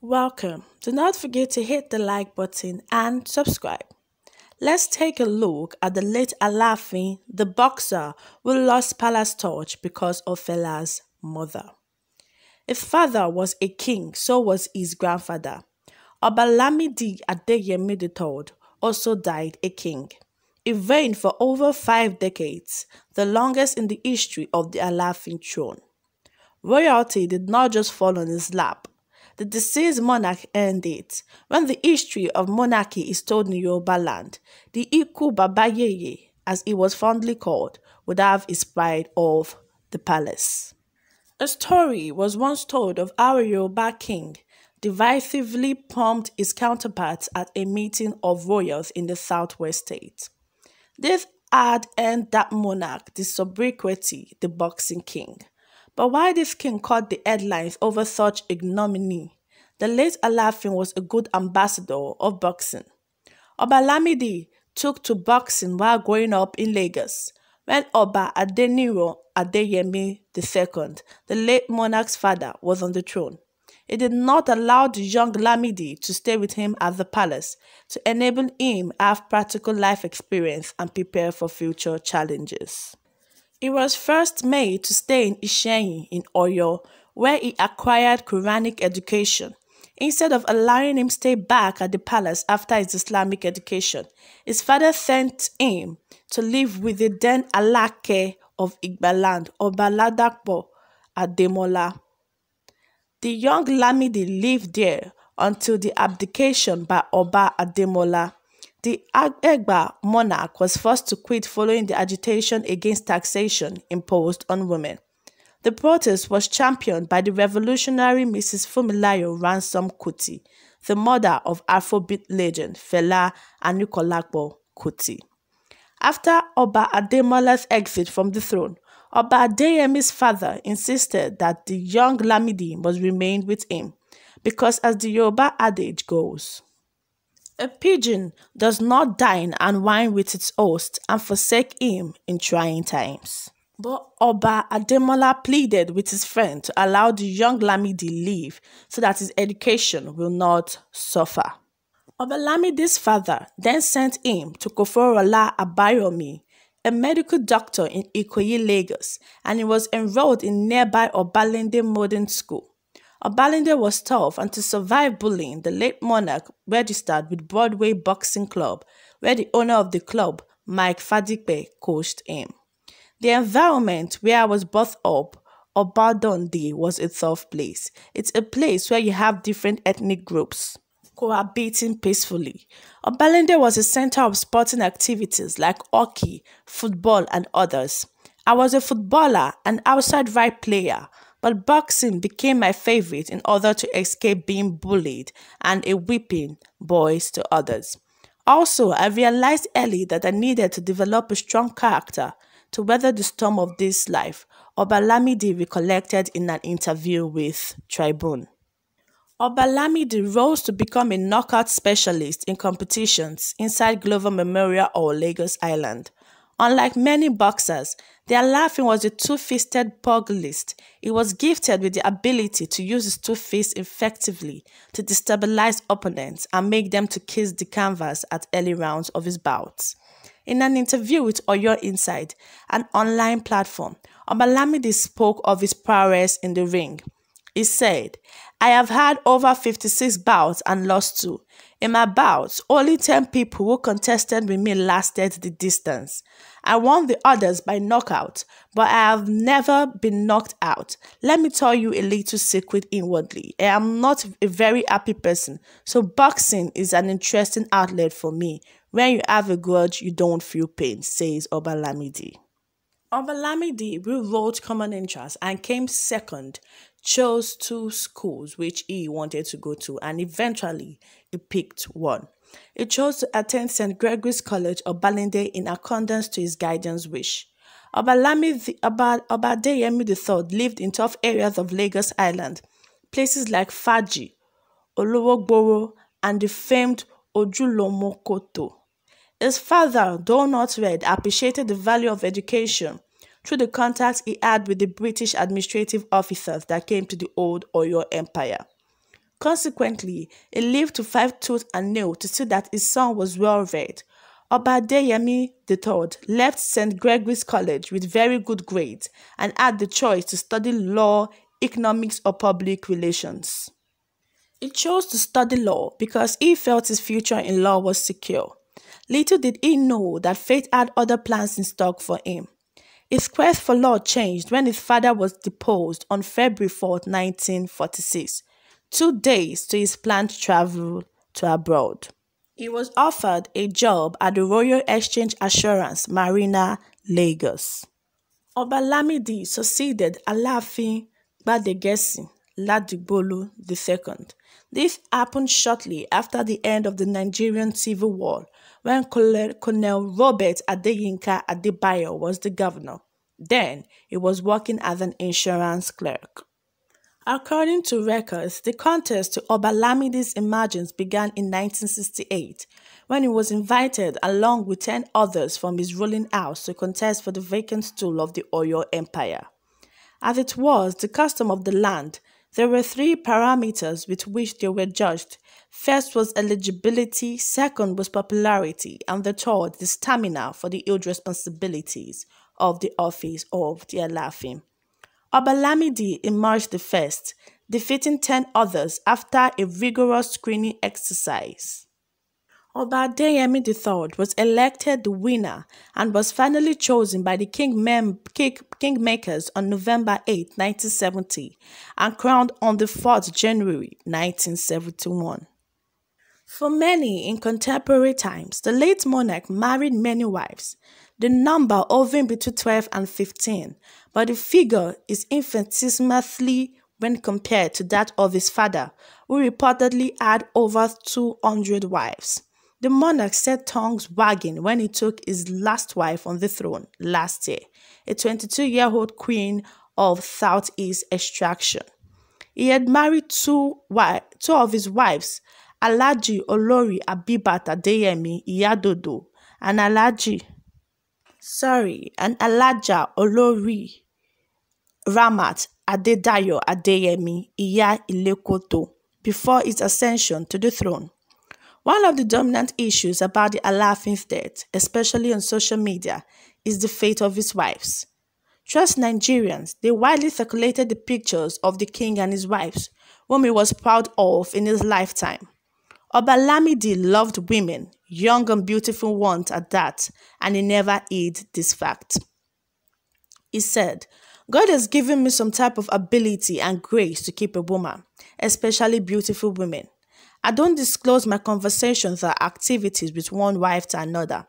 Welcome. Do not forget to hit the like button and subscribe. Let's take a look at the late Alafi, the boxer who lost palace torch because of Fela's mother. His father was a king, so was his grandfather. Obalamidi Adeyemi III also died a king. He reigned for over five decades, the longest in the history of the Alafin throne. Royalty did not just fall on his lap. The deceased monarch earned it. When the history of monarchy is told in Yoruba land, the Iku Babayeye, as he was fondly called, would have his pride of the palace. A story was once told of how a Yoruba king divisively pumped his counterparts at a meeting of royals in the southwest state. This ad earned that monarch the sobriquet, the Boxing King. But why this king caught the headlines over such ignominy? The late Alafin was a good ambassador of boxing. Obalamidi took to boxing while growing up in Lagos. When Oba Adeniro Adeyemi II, the late monarch's father, was on the throne, he did not allow the young Lamidi to stay with him at the palace to enable him have practical life experience and prepare for future challenges. He was first made to stay in Isheyin in Oyo, where he acquired Quranic education. Instead of allowing him stay back at the palace after his Islamic education, his father sent him to live with the then Alake of Igbaland, Obaladakpo Ademola. The young Lamidi lived there until the abdication by Oba Ademola. The Egba monarch was forced to quit following the agitation against taxation imposed on women. The protest was championed by the revolutionary Mrs. Fumilayo Ransom Kuti, the mother of Afrobeat legend Fela Anikolapo Kuti. After Oba Ademola's exit from the throne, Obadeyemi's father insisted that the young Lamidi must remain with him because as the Yoruba adage goes, a pigeon does not dine and wine with its host and forsake him in trying times. But Oba Ademola pleaded with his friend to allow the young Lamidi leave so that his education will not suffer. Lamidi's father then sent him to Koforola Abayomi, a medical doctor in Ikoyi, Lagos, and he was enrolled in nearby Obalende Modern School. Obalende was tough and to survive bullying, the late monarch registered with Broadway Boxing Club, where the owner of the club, Mike Fadipe, coached him. The environment where I was brought up, Obadondi, was a tough place. It's a place where you have different ethnic groups cohabiting peacefully. Obalende was a center of sporting activities like hockey, football, and others. I was a footballer and outside right player, but boxing became my favorite in order to escape being bullied and a whipping boys to others. Also, I realized early that I needed to develop a strong character to weather the storm of this life, Obalamidi recollected in an interview with Tribune. Obalamidi rose to become a knockout specialist in competitions inside Glover Memorial or Lagos Island. Unlike many boxers, their laughing was a two-fisted pugilist. He was gifted with the ability to use his two fists effectively to destabilize opponents and make them to kiss the canvas at early rounds of his bouts. In an interview with Oyo Inside, an online platform, Obalamidi spoke of his prowess in the ring – he said, I have had over 56 bouts and lost two. In my bouts, only 10 people who contested with me lasted the distance. I won the others by knockout, but I have never been knocked out. Let me tell you a little secret inwardly. I am not a very happy person, so boxing is an interesting outlet for me. When you have a grudge, you don't feel pain, says Obalamidi. Ovalamidi, who wrote Common Interest and came second, chose two schools which he wanted to go to and eventually he picked one. He chose to attend St. Gregory's College, of Obalende, in accordance to his guidance wish. Obalami, Oba, Obadeyemi III lived in tough areas of Lagos Island, places like Faji, Goro, and the famed Ojulomokoto. His father, though not read, appreciated the value of education through the contacts he had with the British administrative officers that came to the old Oyo Empire. Consequently, he lived to five tooth and nail to see that his son was well read. Obadeyemi III left St. Gregory's College with very good grades and had the choice to study law, economics, or public relations. He chose to study law because he felt his future in law was secure. Little did he know that fate had other plans in stock for him. His quest for law changed when his father was deposed on February 4, 1946, two days to his planned travel to abroad. He was offered a job at the Royal Exchange Assurance Marina, Lagos. Obalamidi succeeded Alafin Gbadegesi Ladigbolu II this happened shortly after the end of the Nigerian Civil War, when Colonel Robert Adeyinka Adebayo was the governor. Then he was working as an insurance clerk. According to records, the contest to Obalamide's emergence began in 1968 when he was invited along with 10 others from his ruling house to contest for the vacant stool of the Oyo Empire. As it was the custom of the land, there were three parameters with which they were judged. First was eligibility, second was popularity, and the third, the stamina for the huge responsibilities of the office of the Alafim. Abalamidi emerged the first, defeating 10 others after a rigorous screening exercise. Obadeyemi III was elected the winner and was finally chosen by the king mem- king- kingmakers on November 8, 1970, and crowned on the 4th January 1971. For many in contemporary times, the late monarch married many wives, the number hovering between 12 and 15, but the figure is infinitesimally when compared to that of his father, who reportedly had over 200 wives. The monarch set tongues wagging when he took his last wife on the throne last year, a 22 year old queen of Southeast extraction. He had married two, two of his wives, Alaji Olori Abibata Deyemi Iyadodo and Alaji, sorry, and Alaja Olori Ramat Adedayo Adeyemi Iya Ilekoto before his ascension to the throne. One of the dominant issues about the Alafin's death, especially on social media, is the fate of his wives. Trust Nigerians, they widely circulated the pictures of the king and his wives, whom he was proud of in his lifetime. Obalamidi loved women, young and beautiful ones at that, and he never hid this fact. He said, God has given me some type of ability and grace to keep a woman, especially beautiful women. I don't disclose my conversations or activities with one wife to another.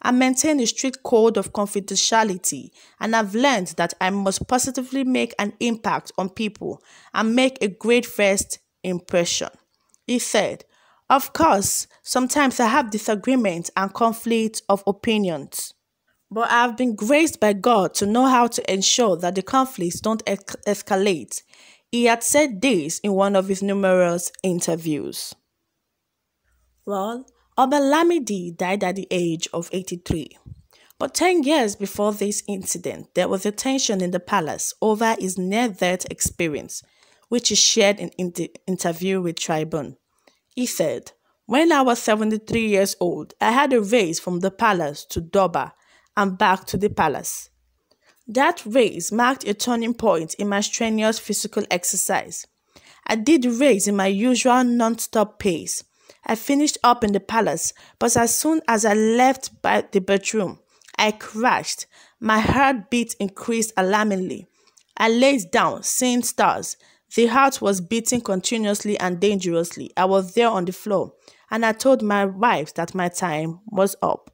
I maintain a strict code of confidentiality, and I've learned that I must positively make an impact on people and make a great first impression. He said, Of course, sometimes I have disagreements and conflicts of opinions, but I have been graced by God to know how to ensure that the conflicts don't escalate. He had said this in one of his numerous interviews. Well, Obalamidi died at the age of 83. But 10 years before this incident, there was a tension in the palace over his near death experience, which he shared in an interview with Tribune. He said, When I was 73 years old, I had a race from the palace to Doba and back to the palace. That race marked a turning point in my strenuous physical exercise. I did the race in my usual non stop pace I finished up in the palace, but as soon as I left the bedroom, I crashed. My heartbeat increased alarmingly. I laid down, seeing stars. The heart was beating continuously and dangerously. I was there on the floor, and I told my wife that my time was up.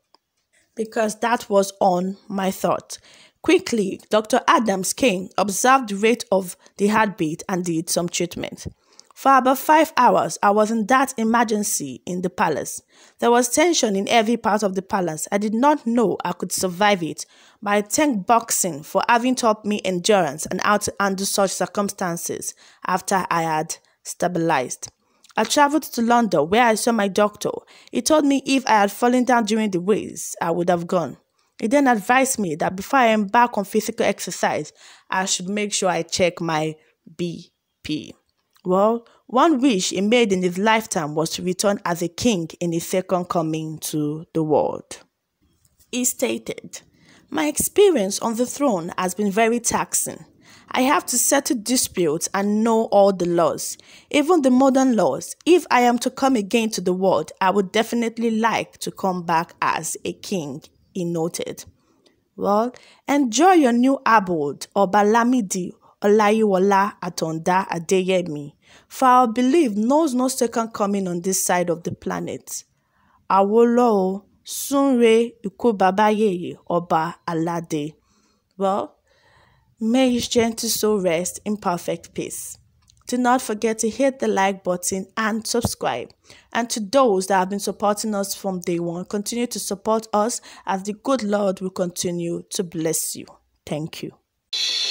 Because that was on my thought. Quickly, Dr. Adams came, observed the rate of the heartbeat, and did some treatment. For about five hours, I was in that emergency in the palace. There was tension in every part of the palace. I did not know I could survive it, but I thank boxing for having taught me endurance and how to handle such circumstances after I had stabilized. I traveled to London where I saw my doctor. He told me if I had fallen down during the race, I would have gone. He then advised me that before I embark on physical exercise, I should make sure I check my BP. Well, one wish he made in his lifetime was to return as a king in his second coming to the world. He stated, My experience on the throne has been very taxing. I have to settle disputes and know all the laws, even the modern laws. If I am to come again to the world, I would definitely like to come back as a king, he noted. Well, enjoy your new abode or Balamidi Olayiwola Atonda Adeyemi, for our belief knows no second coming on this side of the planet. Awolo Sunre Ikubabayeye Oba Alade. Well, may his gentle soul rest in perfect peace. Do not forget to hit the like button and subscribe. And to those that have been supporting us from day one, continue to support us as the good Lord will continue to bless you. Thank you.